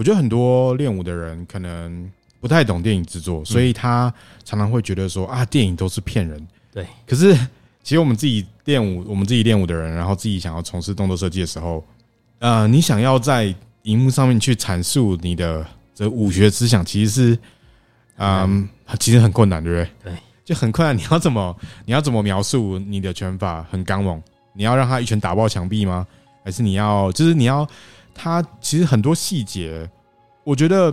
我覺得很多練武的人可能不太懂電影製作，嗯、所以他常常會覺得說啊，電影都是騙人。對，可是其實我們自己練武，我們自己練武的人，然後自己想要從事動作設計的時候，呃，你想要在熒幕上面去闡述你的這武學思想，其實是，嗯、呃，其實很困難，對不對？對，就很困難。你要怎麼，你要怎麼描述你的拳法很剛猛？你要讓他一拳打爆牆壁嗎？還是你要，就是你要，他其實很多細節，我覺得，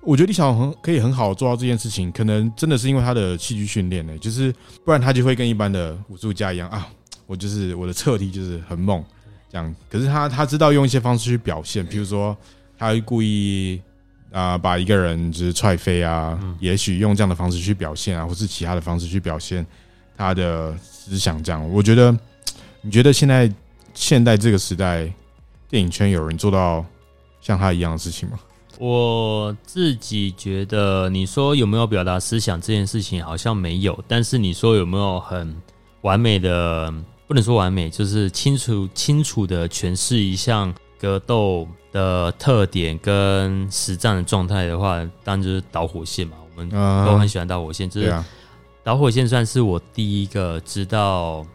我覺得李小龍可以很好做到這件事情，可能真的是因為他的戲劇訓練呢。就是不然他就會跟一般的武術家一樣啊，我就是我的側踢就是很猛，這樣。可是他他知道用一些方式去表現，比如說他會故意啊、呃、把一個人就是踹飛啊，也許用這樣的方式去表現啊，或是其他的方式去表現他的思想。這樣，我覺得，你覺得現在現代這個時代？電影圈有人做到像他一樣的事情嗎？我自己覺得，你說有沒有表達思想這件事情，好像沒有。但是你說有沒有很完美的，不能說完美，就是清楚清楚的詮釋一項格鬥的特點跟實戰的狀態的話，當然就是導火線嘛。我們都很喜歡導火線，uh, 就是，yeah. 導火線算是我第一個知道。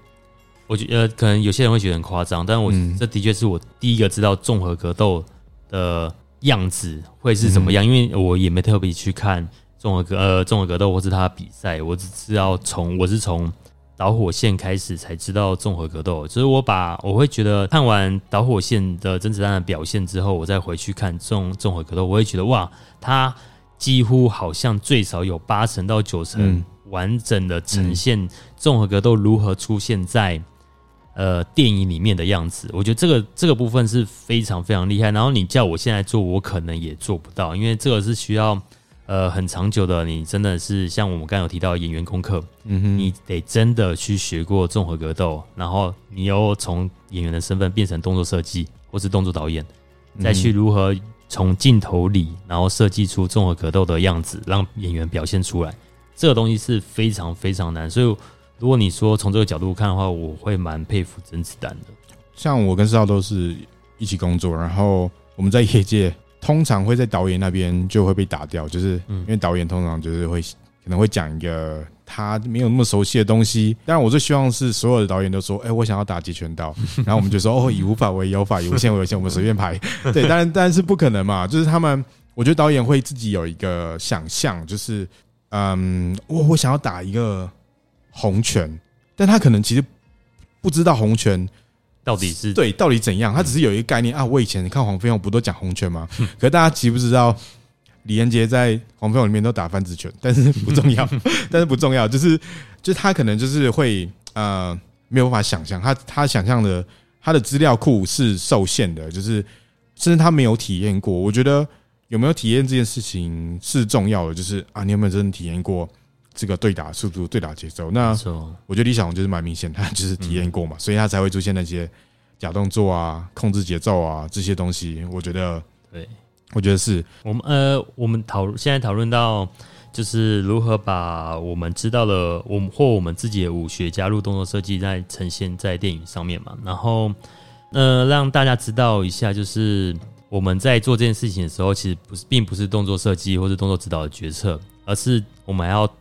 我覺呃，可能有些人會覺得很誇張，但是我，嗯，這的確是我第一個知道綜合格鬥的樣子會是怎麼樣，嗯，因為我也沒特別去看綜合格呃綜合格鬥或是他的比賽，我只知道從我是從導火線開始才知道綜合格鬥，就是我把我會覺得看完導火線的甄子丹的表現之後，我再回去看綜綜合格鬥，我會覺得哇，他幾乎好像最少有八成到九成完整的呈現，嗯，綜合格鬥如何出現在。呃，電影裡面的樣子，我覺得這個這個部分是非常非常厲害。然後你叫我現在來做，我可能也做不到，因為這個是需要呃很長久的。你真的是像我們剛剛有提到演員功課，嗯哼，你得真的去學過綜合格鬥，然後你又從演員的身份變成動作設計或是動作導演，嗯、再去如何從鏡頭裡然後設計出綜合格鬥的樣子，讓演員表現出來，這個東西是非常非常難，所以。如果你說從這個角度看的話，我會蠻佩服甄子丹的。像我跟邵都是一起工作，然後我們在業界通常會在導演那邊就會被打掉，就是因為導演通常就是會可能會講一個他沒有那麼熟悉的東西。但我最希望是所有的導演都說：“哎、欸，我想要打截拳道。”然後我們就說：“ 哦，以無法為有法，以無限為有限，我們隨便排。”對，當然，但是不可能嘛。就是他們，我覺得導演會自己有一個想象，就是嗯，我、哦、我想要打一個，紅拳，但他可能其實不知道洪拳到底是對到底怎樣，他只是有一個概念、嗯、啊。我以前看黃飛鴻不都講洪拳嗎？嗯、可是大家知不知道李連杰在黃飛鴻裡面都打翻子拳，但是不重要，嗯、但是不重要，嗯、就是就是他可能就是會呃沒有辦法想象，他他想象的他的資料庫是受限的，就是甚至他沒有體驗過。我覺得有沒有體驗這件事情是重要的，就是啊，你有沒有真的體驗過？這個對打速度、對打節奏，那我覺得李小龍就是蠻明顯的，就是體驗過嘛，嗯、所以他才會出現那些假動作啊、控制節奏啊這些東西。我覺得，對，我覺得是我們呃，我們討現在討論到就是如何把我們知道的，我們或我們自己的武學加入動作設計，在呈現在電影上面嘛。然後，呃，讓大家知道一下，就是我們在做這件事情的時候，其實不是，並不是動作設計或是動作指導的決策，而是我們還要。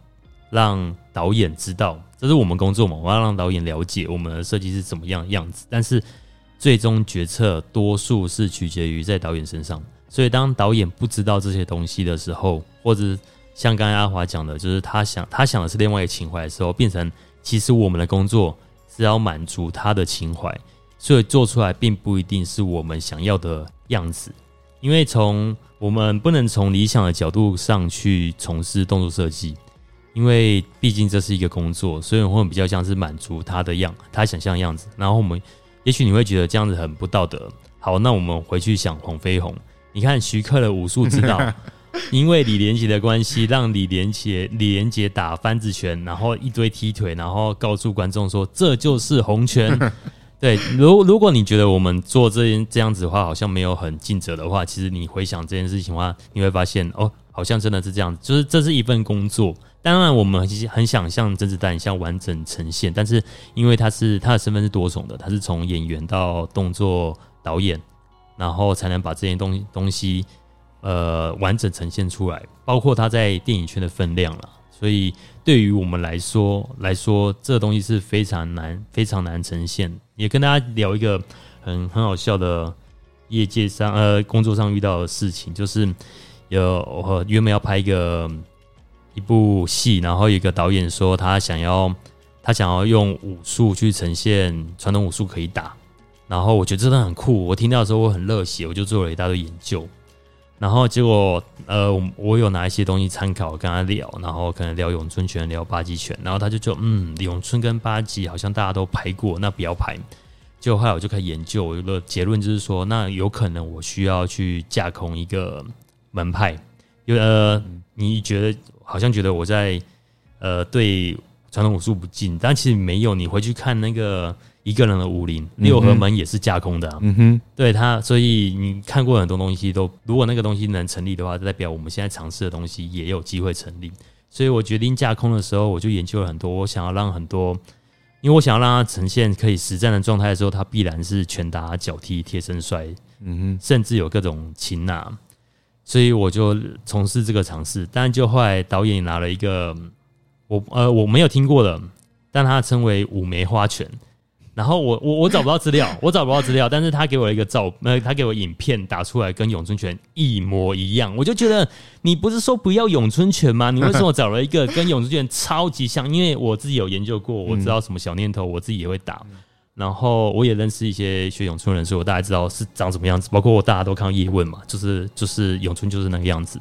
讓導演知道，這是我們工作嘛。我要讓導演了解我們的設計是怎麼樣的樣子。但是最終決策多數是取決於在導演身上，所以當導演不知道這些東西的時候，或者像剛才阿華講的，就是他想他想的是另外一個情懷的時候，變成其實我們的工作是要滿足他的情懷，所以做出來並不一定是我們想要的樣子，因為從我們不能從理想的角度上去從事動作設計。因為畢竟這是一個工作，所以我們會比較像是滿足他的樣，他想象的樣子。然後我們也許你會覺得這樣子很不道德。好，那我們回去想黃飛鴻，你看徐克的武術指導， 因為李連杰的關係，讓李連杰李連杰打翻子拳，然後一堆踢腿，然後告訴觀眾說這就是洪拳。 對，如果如果你覺得我們做這件這樣子的話，好像沒有很盡責的話，其實你回想這件事情的話，你會發現哦，好像真的是這樣子，就是這是一份工作。當然，我們其實很想像甄子丹一樣，完整呈現，但是因為他是他的身份是多重的，他是從演員到動作導演，然後才能把這些東西東西呃完整呈現出來，包括他在電影圈的分量了。所以對於我們來說來說，這個東西是非常難、非常難呈現。也跟大家聊一個很很好笑的業界上呃工作上遇到的事情，就是有原本要拍一個。一部戲，然後一個導演說他想要，他想要用武術去呈現傳統武術可以打，然後我覺得真的很酷。我聽到的時候我很熱血，我就做了一大堆研究，然後結果呃我有拿一些東西參考，跟他聊，然後可能聊詠春拳，聊八極拳，然後他就說嗯，詠春跟八極好像大家都拍過，那不要拍。結果後來我就開始研究，我的結論就是說，那有可能我需要去架空一個門派，因為，呃，你覺得。好像覺得我在，呃，對傳統武術不敬，但其實沒有。你回去看那個一個人的武林，嗯、六合門也是架空的，啊、嗯哼，對他，所以你看過很多東西都，都如果那個東西能成立的話，就代表我們現在嘗試的東西也有機會成立。所以我決定架空的時候，我就研究了很多。我想要讓很多，因為我想要讓它呈現可以實戰的狀態的時候，它必然是拳打腳踢、貼身摔，嗯哼，甚至有各種擒拿。所以我就從事這個嘗試，但就後來導演拿了一個我呃我沒有聽過的，但他稱為五梅花拳，然後我我我找不到資料，我找不到資料，但是他給我了一個照，呃他給我影片打出來跟詠春拳一模一樣，我就覺得，你不是說不要詠春拳嗎？你為什麼找了一個跟詠春拳超級像？因為我自己有研究過，我知道什麼小念頭，我自己也會打。嗯然後我也認識一些學詠春的人，所以我大概知道是長什麼樣子。包括我大家都看葉問嘛，就是就是詠春就是那個樣子。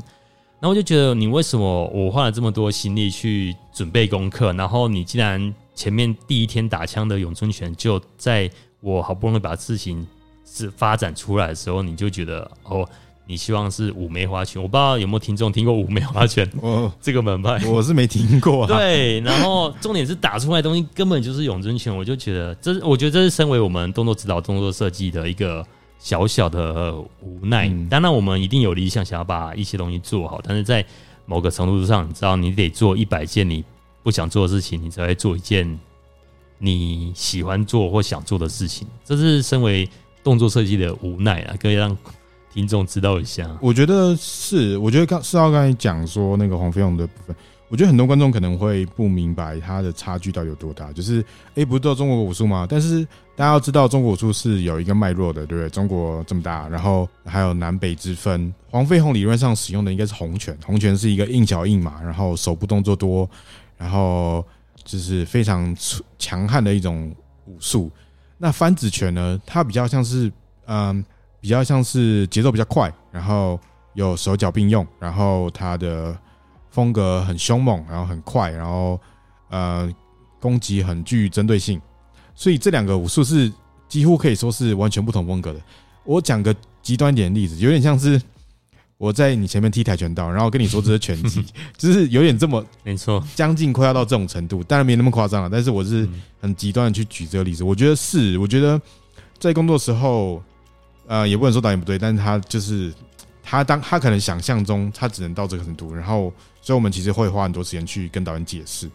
然後我就覺得，你為什麼我花了這麼多心力去準備功課，然後你既然前面第一天打槍的詠春拳，就在我好不容易把事情是發展出來的時候，你就覺得哦。你希望是五枚花拳，我不知道有沒有聽眾聽過五枚花拳哦這個門派，我是沒聽過、啊。 對，然後重點是打出來的東西根本就是詠春拳，我就覺得這是，我覺得這是身為我們動作指導、動作設計的一個小小的無奈。嗯、當然，我們一定有理想，想要把一些東西做好，但是在某個程度上，你知道，你得做一百件你不想做的事情，你才會做一件你喜歡做或想做的事情。這是身為動作設計的無奈啊，可以讓。聽眾知道一下，我覺得是，我覺得剛是奧剛才講說那個黃飛鴻的部分，我覺得很多觀眾可能會不明白他的差距到底有多大。就是，誒，不是都中國武術嗎？但是，大家要知道，中國武術是有一個脈絡的，對不對？中國這麼大，然後還有南北之分。黃飛鴻理論上使用的應該是洪拳，洪拳是一個硬橋硬馬，然後手部動作多，然後就是非常、呃、強悍的一種武術。那翻子拳呢，它比較像是，嗯。比較像是節奏比較快，然後有手腳並用，然後它的風格很凶猛，然後很快，然後呃攻擊很具針對性，所以這兩個武術是幾乎可以說是完全不同風格的。我講個極端點的例子，有點像是我在你前面踢跆拳道，然後跟你說這是拳擊， 就是有點這麼沒錯，將近快要到這種程度，當然沒那麼誇張了。但是我是很極端的去舉這個例子。我覺得是，我覺得在工作時候。呃，也不能說導演不對，但是他就是他當他可能想象中他只能到這個程度，然後所以我們其實會花很多時間去跟導演解釋，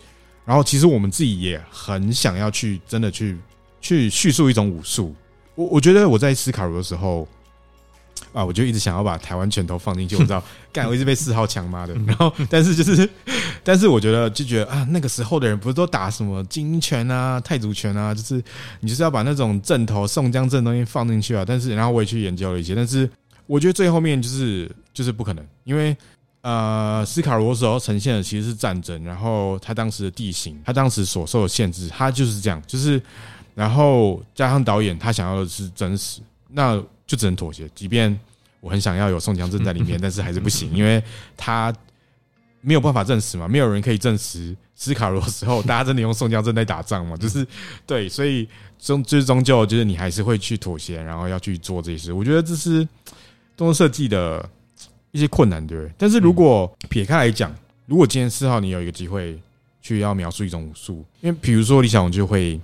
然後其實我們自己也很想要去真的去去敘述一種武術，我我覺得我在思考的時候。啊！我就一直想要把台灣拳頭放進去，我不知道，幹 我一直被四號強媽的。然後，但是就是，但是我覺得就覺得啊，那個時候的人不是都打什麼金拳啊、太祖拳啊，就是你就是要把那種陣頭宋江陣東西放進去啊。但是，然後我也去研究了一些，但是我覺得最後面就是就是不可能，因為呃，斯卡羅所呈現的其實是戰爭，然後他當時的地形，他當時所受的限制，他就是這樣，就是然後加上導演他想要的是真實那。嗯就只能妥協，即便我很想要有宋江陣在裡面，但是還是不行，因為他沒有辦法證實嘛，沒有人可以證實斯卡羅的時候大家真的用宋江陣在打仗嘛，就是對，所以終，就終究就是你還是會去妥協，然後要去做這些，事。我覺得這是動作設計的一些困難，對不對？但是如果撇開來講，如果今天四號你有一個機會去要描述一種武術，因為比如說李小龍就會。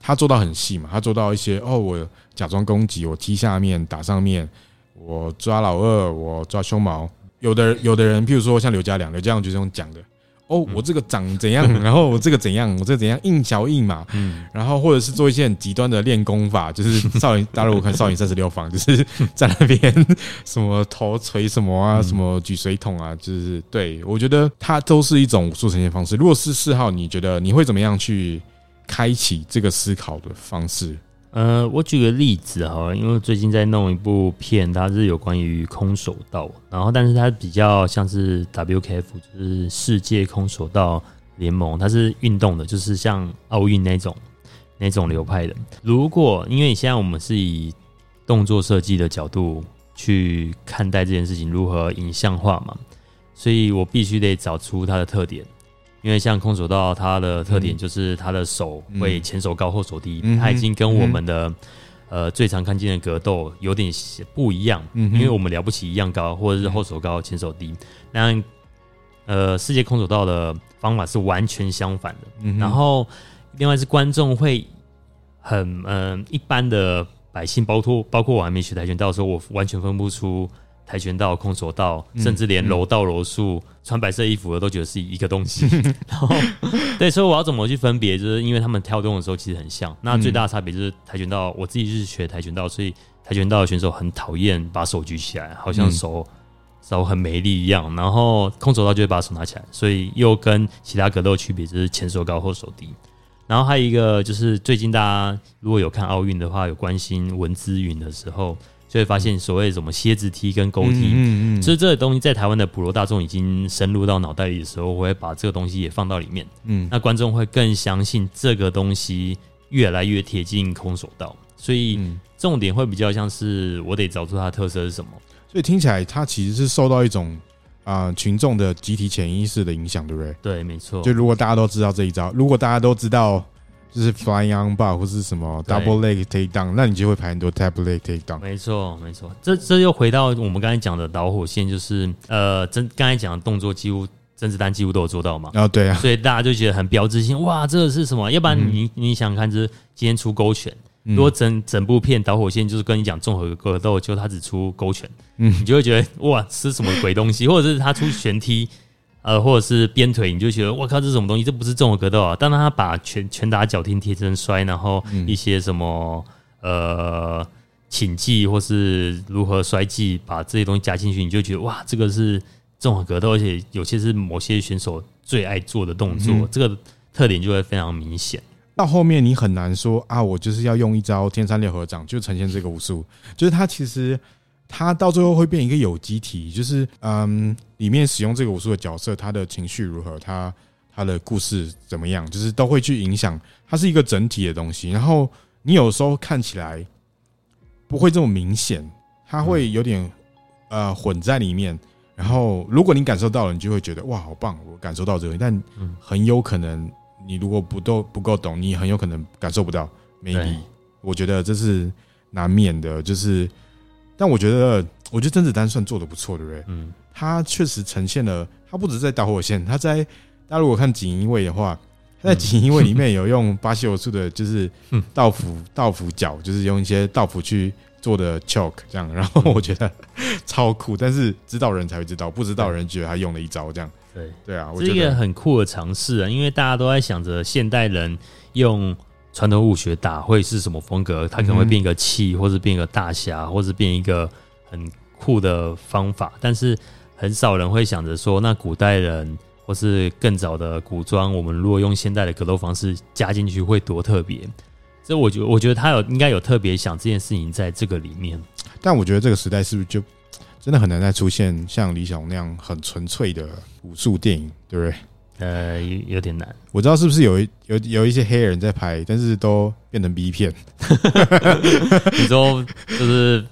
他做到很細嘛。他做到一些哦，我假裝攻擊，我踢下面，打上面，我抓老二，我抓胸毛。有的有的人，譬如說像劉家良，劉家良就是種講的哦，我這個長怎樣，嗯、然後我這個怎樣，嗯、我這個怎樣，這個怎樣硬橋硬馬，嗯、然後或者是做一些很極端的練功法，就是少林，大家如果看少林三十六房， 就是在那邊什麼頭錘什麼啊，嗯、什麼舉水桶啊，就是對我覺得他都是一種武術呈現方式。如果是嗜好，你覺得你會怎麼樣去？開啟這個思考的方式。呃，我舉個例子哈，因為最近在弄一部片，它是有關於空手道，然後但是它比較像是 WKF，就是世界空手道聯盟，它是運動的，就是像奧運那種那種流派的。如果因為你現在我們是以動作設計的角度去看待這件事情，如何影像化嘛，所以我必須得找出它的特點。因為像空手道，它的特點就是它的手會前手高後手低，嗯、它已經跟我們的、嗯嗯、呃最常看見的格鬥有點不一樣、嗯。因為我們了不起一樣高，或者是後手高前手低。那呃，世界空手道的方法是完全相反的。嗯、然後另外是觀眾會很嗯、呃、一般的百姓包括，包括我還沒學跆拳道的時候，我完全分不出。跆拳道、空手道，甚至連柔道柔、柔、嗯、術、嗯，穿白色衣服的都覺得是一個東西。 然後，對，所以我要怎麼去分別？就是因為他們跳動的時候其實很像。那最大的差別就是跆拳道，我自己就是學跆拳道，所以跆拳道的選手很討厭把手舉起來，好像手手很沒力一樣、嗯。然後空手道就會把手拿起來，所以又跟其他格鬥區別就是前手高後手低。然後還有一個就是最近大家如果有看奧運的話，有關心文姿雲的時候。就會發現所謂什麼蠍子踢跟鈎踢，嗯嗯、嗯，所以這個東西在台灣的普羅大眾已經深入到腦袋裡的時候，我會把這個東西也放到裡面，嗯、嗯，那觀眾會更相信這個東西越來越貼近空手道，所以重點會比較像是我得找出它的特色是什麼，所以聽起來它其實是受到一種啊、呃、群眾的集體潛意識的影響，對不對？對，沒錯。就如果大家都知道這一招，如果大家都知道。就是 flying armbar 或是什麼 double leg take down，那你就會排很多 table leg take down 沒？沒錯，沒錯，這這又回到我們剛才講的導火線，就是呃，甄剛才講的動作幾乎甄子丹幾乎都有做到嘛。啊、哦，對啊。所以大家就覺得很標誌性，哇，這個是什麼？要不然你，嗯、你，你想看就是今天出勾拳？如果整整部片導火線就是跟你講綜合格鬥，就他只出勾拳，嗯、你就會覺得哇，吃什麼鬼東西？ 或者是他出旋踢？呃，或者是鞭腿，你就覺得我靠，這是什麼東西？這不是綜合格鬥啊！當然他把拳拳打腳踢貼身摔，然後一些什麼、嗯、呃，寢技或是如何摔技，把這些東西加進去，你就覺得哇，這個是綜合格鬥，而且有些是某些選手最愛做的動作，嗯、這個特點就會非常明顯。到後面你很難說啊，我就是要用一招天山六合掌就呈現這個武術， 就是他其實。它到最後會變一個有機體，就是嗯，裡面使用這個武術的角色，他的情緒如何，他他的故事怎麼樣，就是都會去影響。它是一個整體的東西。然後你有時候看起來不會這麼明顯，它會有點、嗯、呃，混在裡面。然後如果你感受到了，你就會覺得哇，好棒，我感受到這個。但很有可能你如果不都不夠懂，你很有可能感受不到。沒對，我覺得這是難免的，就是。但我覺得，我覺得甄子丹算做的不錯的，對不對？嗯，他確實呈現了，他不只是在《導火線》，他在大家如果看《錦衣衛》的話，他在《錦衣衛》裡面有用巴西柔術的，就是道服、嗯、道服腳，就是用一些道服去做的 choke 這樣，然後我覺得超酷。但是知道人才會知道，不知道人覺得他用了一招這樣。對，對啊，我覺得這個很酷的嘗試啊，因為大家都在想着現代人用。傳統武學打會是什麼風格？他可能會變一個氣，或者變一個大俠，或者變一個很酷的方法。但是很少人會想着說，那古代人，或是更早的古裝，我們如果用現代的格鬥方式加進去，會多特別。所以我覺得我覺得他有應該有特別想這件事情在這個裡面。但我覺得這個時代是不是就真的很難再出現像李小龍那樣很純粹的武術電影，對不對？呃有，有點難。我知道是不是有一有有一些黑人在拍，但是都變成 B 片 ，比如說就是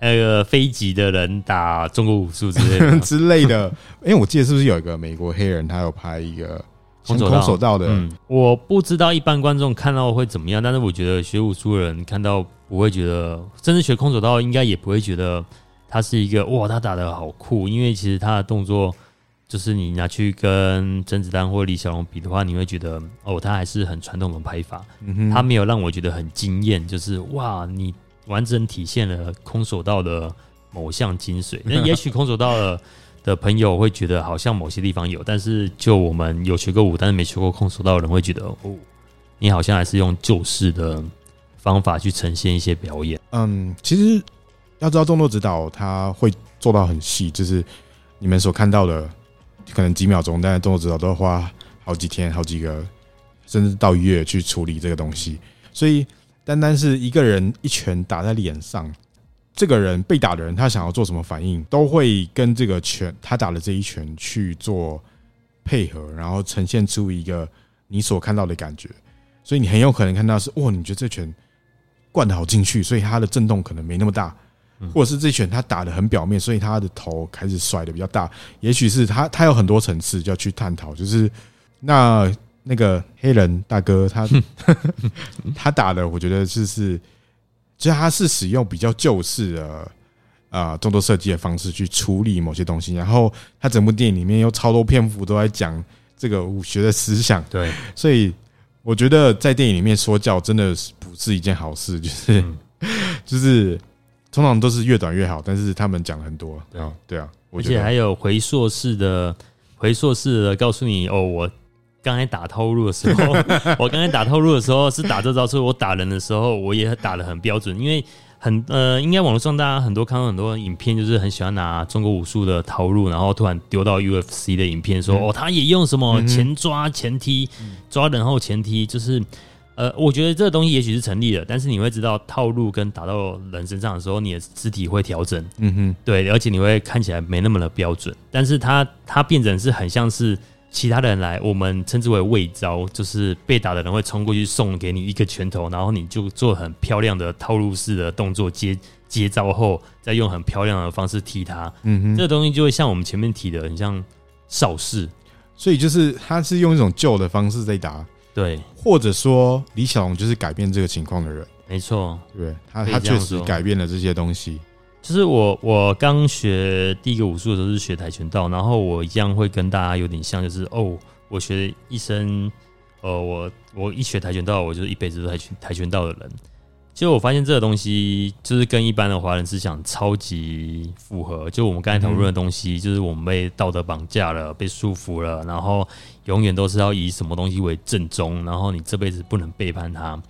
那個、呃、非裔的人打中國武術之類的 之類的。 因為我記得是不是有一個美國黑人，他有拍一個空手、空、手空手道的。嗯、我不知道一般觀眾看到會怎麼樣，但是我覺得學武術的人看到不會覺得，真的學空手道應該也不會覺得他是一個哇，他打得好酷，因為其實他的動作。就是你拿去跟甄子丹或李小龍比的話，你會覺得哦，他還是很傳統的拍法。嗯哼，他沒有讓我覺得很驚豔。就是哇，你完整體現了空手道的某項精髓。那也許空手道的的朋友會覺得好像某些地方有， 但是就我們有學過武，但是沒學過空手道的人會覺得哦，你好像還是用舊式的方法去呈現一些表演。嗯，其實要知道動作指導他會做到很細，就是你們所看到的。可能幾秒鐘，但是動作指導都要花好幾天，好幾個甚至到月去處理這個東西。所以，單單是一個人一拳打在臉上，這個人被打的人他想要做什麼反應，都會跟這個拳他打的這一拳去做配合，然後呈現出一個你所看到的感覺。所以，你很有可能看到是：哇、哦，你覺得這拳灌得好進去，所以它的震動可能沒那麼大。或者是這一拳他打得很表面，所以他的頭開始甩得比較大。也許是他他有很多層次就要去探討，就是那那個黑人大哥他他打的，我覺得就是就他是使用比較舊式的啊動作設計的方式去處理某些東西。然後他整部電影裡面有超多篇幅都在講這個武學的思想。對，所以我覺得在電影裡面說教真的是不是一件好事，就是就是。通常都是越短越好，但是他們講很多，對啊，對啊，而且還有回溯式的，回溯式的，的告訴你哦，我剛才打套路的時候， 我剛才打套路的時候是打這招，所以我打人的時候我也打得很標準，因為很呃，應該網絡上大家很多看到很多影片，就是很喜歡拿中國武術的套路，然後突然丟到 UFC 的影片說、嗯、哦，他也用什麼前抓前踢、嗯、抓人後前踢，就是。呃，我覺得這個東西也許是成立的，但是你會知道套路跟打到人身上的時候，你的肢體會調整，嗯哼，對，而且你會看起來沒那麼的標準，但是他他變成是很像是其他人來，我們稱之為餵招，就是被打的人會衝過去送給你一個拳頭，然後你就做很漂亮的套路式的動作接接招後，再用很漂亮的方式踢他，嗯哼，這個東西就會像我們前面提的，很像邵氏，所以就是他是用一種舊的方式在打。對，或者說李小龍就是改變這個情況的人。沒錯，對，他，他確實改變了這些東西。就是我，我剛學第一個武術的時候是學跆拳道，然後我一樣會跟大家有點像，就是哦，我學一生，呃，我我一學跆拳道，我就是一輩子都跆拳跆拳道的人。就我發現這個東西就是跟一般的華人思想超級符合，就我們剛才討論的東西，就是我們被道德綁架了，被束縛了，然後永遠都是要以什麼東西為正宗，然後你這輩子不能背叛他。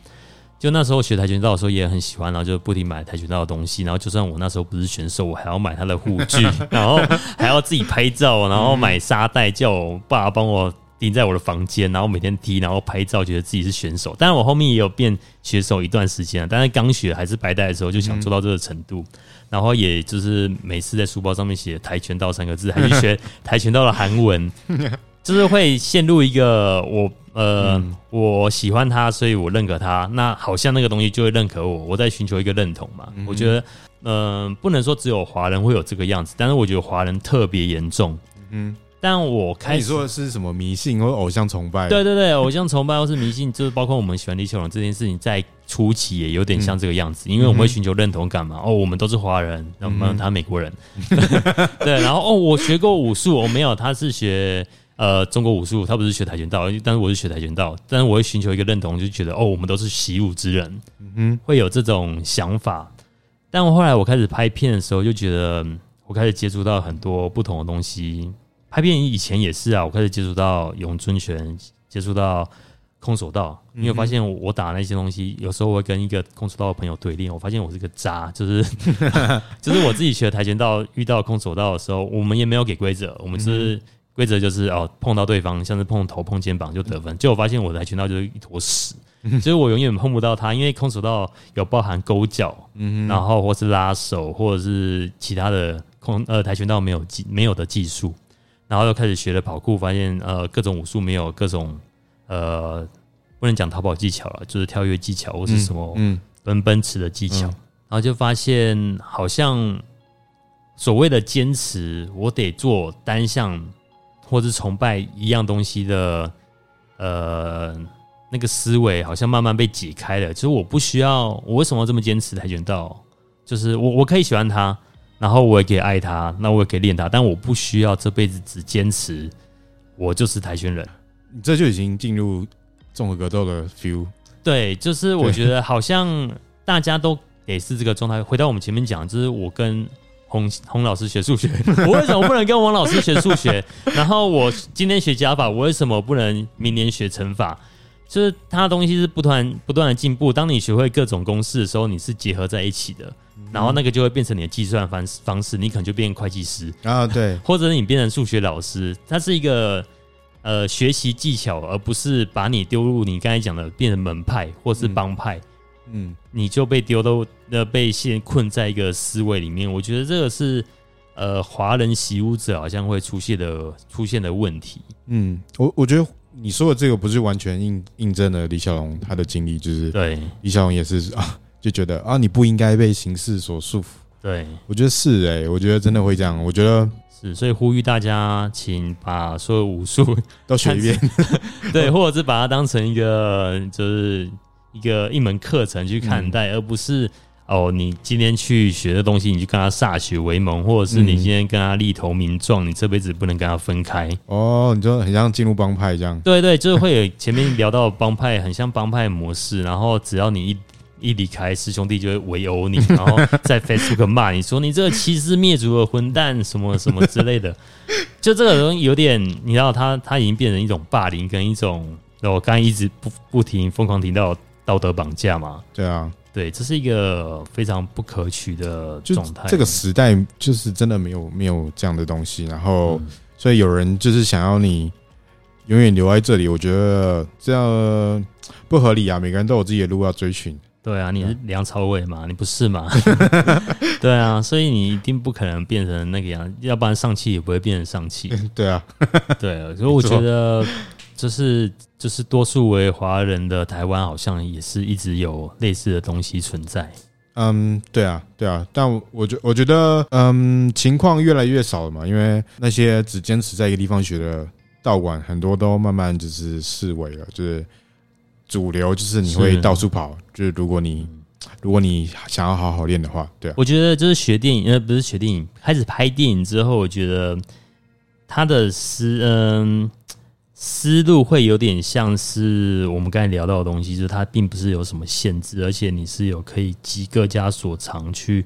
就那時候學跆拳道的時候也很喜歡，然後就不停買跆拳道的東西，然後就算我那時候不是選手，我還要買他的護具， 然後還要自己拍照，然後買沙袋，叫我爸幫我。釘在我的房間，然後每天踢，然後拍照，覺得自己是選手。但是我後面也有變選手一段時間了。但是剛學還是白帶的時候，就想做到這個程度。嗯、然後也就是每次在書包上面寫跆拳道三個字，還是學跆拳道的韓文， 就是會陷入一個我呃、嗯、我喜歡他，所以我認可他。那好像那個東西就會認可我，我在尋求一個認同嘛。嗯、我覺得嗯、呃，不能說只有華人會有這個樣子，但是我覺得華人特別嚴重。嗯。但我開始。你說的是什麼迷信或偶像崇拜？對對對，偶像崇拜或是迷信，就是包括我們喜歡李小龍這件事情，在初期也有點像這個樣子，因為我們會尋求認同感嘛。哦，我們都是華人，然後他美國人，嗯嗯 對。然後哦，我學過武術，我、哦、沒有，他是學呃中國武術，他不是學跆拳道，但是我是學跆拳道。但是我會尋求一個認同，就覺得哦，我們都是習武之人，嗯，會有這種想法。但我後來我開始拍片的時候，就覺得我開始接觸到很多不同的東西。拍片以前也是啊，我開始接觸到詠春拳，接觸到空手道。你、嗯、會發現我，我打那些東西，有時候會跟一個空手道的朋友對練。我發現我是個渣，就是 就是我自己學跆拳道遇到空手道的時候，我們也沒有給規則，我們是規則就是、就是、哦，碰到對方像是碰頭碰肩膀就得分。結、嗯、果發現我的跆拳道就是一坨屎，所、嗯、以我永遠碰不到他，因為空手道有包含勾腳、嗯，然後或是拉手，或者是其他的空呃跆拳道沒有技沒有的技術。然後又開始學了跑酷，發現呃各種武術沒有各種呃不能講逃跑技巧了，就是跳躍技巧或是什麼嗯跟奔馳的技巧、嗯嗯，然後就發現好像所謂的堅持，我得做單向或是崇拜一樣東西的呃那個思維，好像慢慢被解開了。其實我不需要，我為什麼要這麼堅持跆拳道？就是我我可以喜歡它。然後我也可以愛他，那我也可以練他，但我不需要這輩子只堅持我就是跆拳人，這就已經進入綜合格鬥的 feel。對，就是我覺得好像大家都也、欸、是這個狀態。回到我們前面講，就是我跟洪洪老師學數學， 我為什麼不能跟王老師學數學？ 然後我今天學加法，我為什麼不能明年學乘法？就是它的東西是不斷不斷的進步。當你學會各種公式的時候，你是結合在一起的，嗯、然後那個就會變成你的計算方式方式。你可能就變成會計師啊，對，或者你變成數學老師。它是一個呃學習技巧，而不是把你丟入你剛才講的變成門派或是幫派。嗯，你就被丟到那被限困在一個思維裡面。我覺得這個是呃華人習武者好像會出現的出現的問題。嗯，我我覺得。你說的這個不是完全印印證了李小龍他的經歷？就是對，李小龍也是啊，就覺得啊，你不應該被形式所束縛。對，我覺得是哎、欸，我覺得真的會這樣。我覺得是，所以呼籲大家，請把所有武術都學一遍， 對，或者是把它當成一個就是一個一門課程去看待，嗯、而不是。哦，你今天去學的東西，你就跟他歃血為盟，或者是你今天跟他立投名狀，嗯，你這輩子不能跟他分開。哦，你就很像進入幫派這樣。對，對對，就是會有前面聊到幫派，很像幫派模式。 然後只要你一一離開，師兄弟就會圍毆你，然後在 Facebook 罵你說 你這個欺師滅祖的混蛋，什麼什麼之類的。就這個人有點，你知道他，他他已經變成一種霸凌跟一種我剛一直不不停瘋狂提到道德綁架嘛。對啊。對，這是一個非常不可取的狀態。這個時代就是真的沒有沒有這樣的東西。然後，嗯、所以有人就是想要你永遠留在這裡，我覺得這樣不合理啊！每個人都有自己的路要追尋。對啊，你是梁朝偉嘛、嗯？你不是嘛？ 對啊，所以你一定不可能變成那個樣，要不然上氣也不會變成上氣。 對啊，對，啊，所以我覺得。就是，就是多數為華人的台灣，好像也是一直有類似的東西存在。嗯，對啊，對啊，但我覺我，我覺得，嗯，情況越來越少了嘛，因為那些只堅持在一個地方學的道館，很多都慢慢就是式微了，就是主流，就是你會到處跑，是就是如果你如果你想要好好練的話，對啊，我覺得就是學電影，呃，不是學電影，開始拍電影之後，我覺得他的是嗯。思路會有點像是我們剛才聊到的東西，就是它並不是有什麼限制，而且你是有可以集各家所長去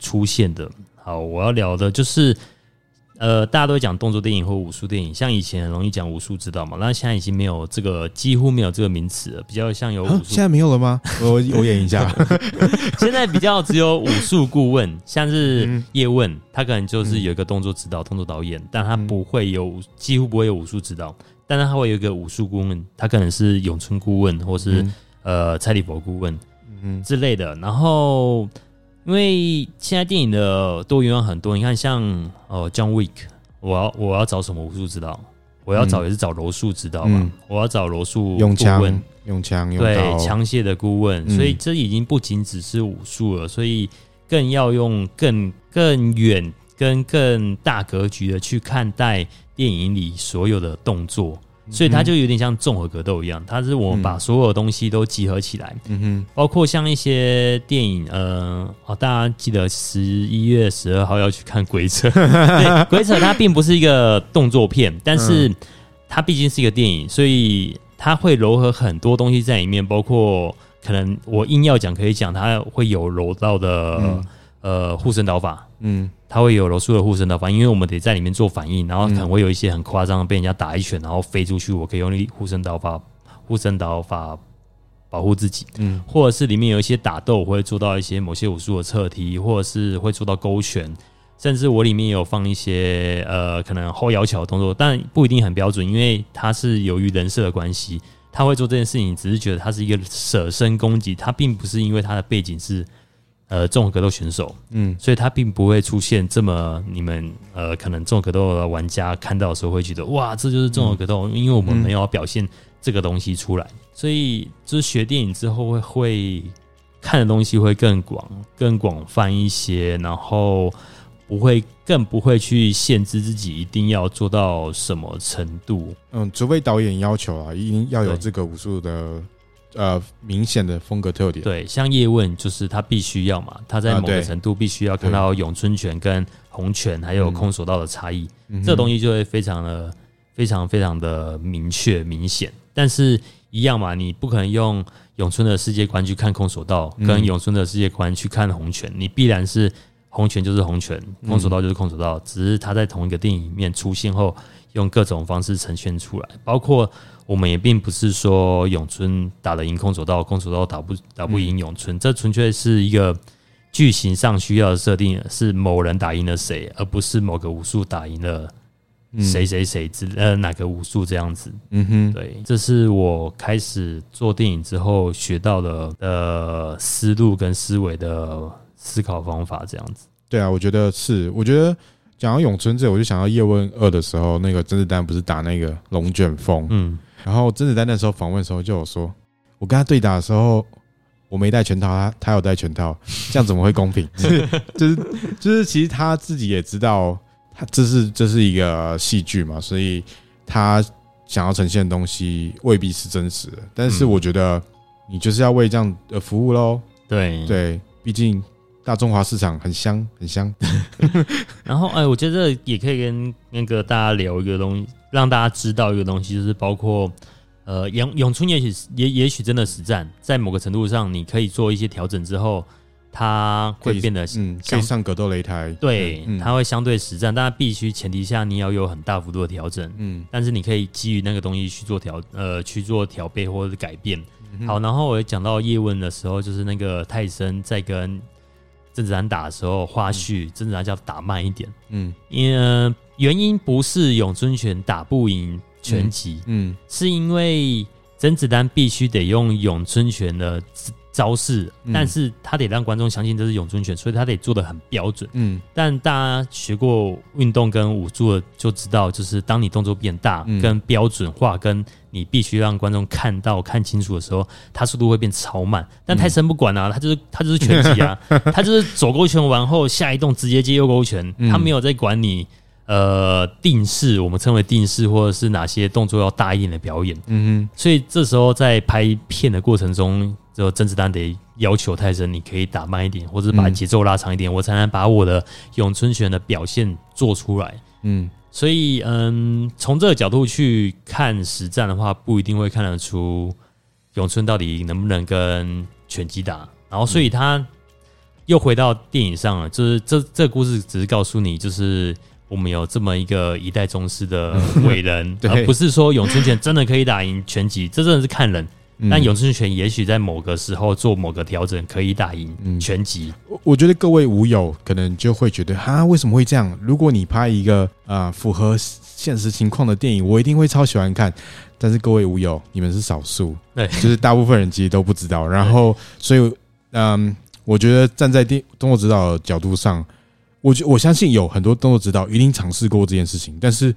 出現的。好，我要聊的就是，呃，大家都會講動作電影或武術電影，像以前很容易講武術指導嘛，那現在已經沒有這個，幾乎沒有這個名詞了，比較像有武術。現在沒有了嗎？我我演一下， 現在比較只有武術顧問，像是葉問，他可能就是有一個動作指導、嗯、動作導演，但他不會有，嗯、幾乎不會有武術指導。當然，他會有一個武術顧問，他可能是詠春顧問，或是、嗯、呃蔡李佛顧問、嗯、之類的。然後，因為現在電影的多元化很多，你看像，像、呃、哦，John Wick，我要我要找什麼武術指導？我要找也是找柔術指導吧、嗯嗯？我要找柔術顧問，用槍用，槍用槍對槍械的顧問、嗯。所以，這已經不僅只是武術了，所以更要用更更遠、跟更大格局的去看待。電影裡所有的動作，所以它就有點像綜合格鬥一樣。它是我把所有的東西都集合起來、嗯，包括像一些電影，嗯、呃哦，大家記得十一月十二號要去看鬼車 《鬼車》。《鬼車》它並不是一個動作片， 但是它畢竟是一個電影，所以它會糅合很多東西在裡面，包括可能我硬要講可以講，它會有柔道的、嗯。呃，護身倒法，嗯，它會有柔術的護身倒法，因為我們得在裡面做反應，然後可能會有一些很誇張的被人家打一拳然後飛出去，嗯、我可以用力護身倒法、護身倒法保護自己，嗯，或者是裡面有一些打鬥，我會做到一些某些武術的側踢，或者是會做到勾拳，甚至我裡面有放一些呃，可能後腰橋的動作，但不一定很標準，因為它是由於人設的關係，他會做這件事情，只是覺得它是一個捨身攻擊，它並不是因為它的背景是。呃，綜合格鬥選手，嗯，所以他並不會出現這麼你們呃，可能綜合格鬥的玩家看到的時候會覺得，哇，這就是綜合格鬥，嗯，因為我們沒有表現這個東西出來，嗯，所以就是學電影之後會會看的東西會更廣、更廣泛一些，然後不會更不會去限制自己一定要做到什麼程度，嗯，除非導演要求啊，一定要有這個武術的。呃，明顯的風格特點，對，像葉問就是他必須要嘛，他在某個程度必須要看到詠春拳跟洪拳還有空手道的差異，嗯嗯，這個、東西就會非常的、非常、非常的明確、明顯。但是，一樣嘛，你不可能用詠春的世界觀去看空手道，嗯，跟詠春的世界觀去看洪拳，你必然是洪拳就是洪拳，空手道就是空手道，嗯，只是他在同一個電影裡面出現後，用各種方式呈現出來，包括。我們也並不是說詠春打得贏空手道，空手道打不打不贏詠春，嗯、這純粹是一個劇情上需要的設定，是某人打贏了誰，而不是某個武術打贏了誰誰誰之、嗯、呃哪個武術這樣子。嗯哼，對，這是我開始做電影之後學到的呃思路跟思維的思考方法，這樣子。對啊，我覺得是，我覺得講到詠春這，我就想到葉問二的時候，那個甄子丹不是打那個龍捲風？嗯。然後真的在那時候訪問的時候就有說，我跟他對打的時候，我沒戴拳套，他他有戴拳套，這樣怎麼會公平？ 就是就是其實他自己也知道，他這是這是一個戲劇嘛，所以他想要呈現的東西未必是真實的。但是我覺得你就是要為這樣的服務咯。對對，畢竟。大中華市場很香，很香 。然後，哎，我覺得也可以跟那個大家聊一個東西，讓大家知道一個東西，就是包括呃，詠詠春也許，也許也也許真的實戰，在某個程度上，你可以做一些調整之後，它會變得嗯，上格鬥擂台，對、嗯嗯，它會相對實戰，但必須前提下你要有很大幅度的調整，嗯，但是你可以基於那個東西去做調，呃，去做調配或者是改變、嗯。好，然後我講到葉問的時候，就是那個泰森在跟。甄子丹打的時候花絮，嗯、甄子丹叫打慢一點，嗯，因為原因不是詠春拳打不贏拳擊、嗯，嗯，是因為甄子丹必須得用詠春拳的。招式，但是他得讓觀眾相信這是詠春拳，所以他得做的很標準。嗯，但大家學過運動跟武術的就知道，就是當你動作變大、嗯、跟標準化、跟你必須讓觀眾看到看清楚的時候，他速度會變超慢。但泰森不管啊，嗯、他就是他就是拳擊啊， 他就是左勾拳完後下一動直接接右勾拳，他沒有在管你呃定式，我們稱為定式，或者是哪些動作要大一點的表演。嗯哼，所以這時候在拍片的過程中。就甄子丹得要求太深，你可以打慢一點，或者是把節奏拉長一點、嗯，我才能把我的詠春拳的表現做出來。嗯，所以嗯，從這個角度去看實戰的話，不一定會看得出詠春到底能不能跟拳擊打。然後，所以他又回到電影上了，就是這這故事只是告訴你，就是我們有這麼一個一代宗師的偉人， 對，而不是說詠春拳真的可以打贏拳擊， 這真的是看人。但詠春拳也許在某個時候做某個調整，可以打贏拳擊。嗯、我我覺得各位武友可能就會覺得哈，為什麼會這樣？如果你拍一個啊、呃、符合現實情況的電影，我一定會超喜歡看。但是各位武友，你們是少數，對，就是大部分人其實都不知道。然後，所以嗯，我覺得站在電動作指導的角度上，我我相信有很多動作指導一定嘗試過這件事情，但是。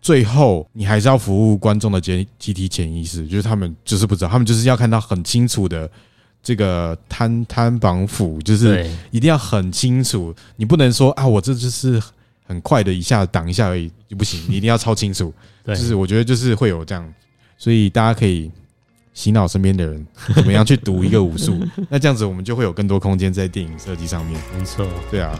最後，你還是要服務觀眾的集體潛意識，就是他們就是不知道，他們就是要看到很清楚的這個攤、攤、膀、伏，就是一定要很清楚。你不能說啊，我這就是很快的，一下擋一下而已就不行，你一定要超清楚。就是我覺得就是會有這樣，所以大家可以洗腦身邊的人，怎麼樣去讀一個武術？那這樣子我們就會有更多空間在電影設計上面。沒錯，對啊。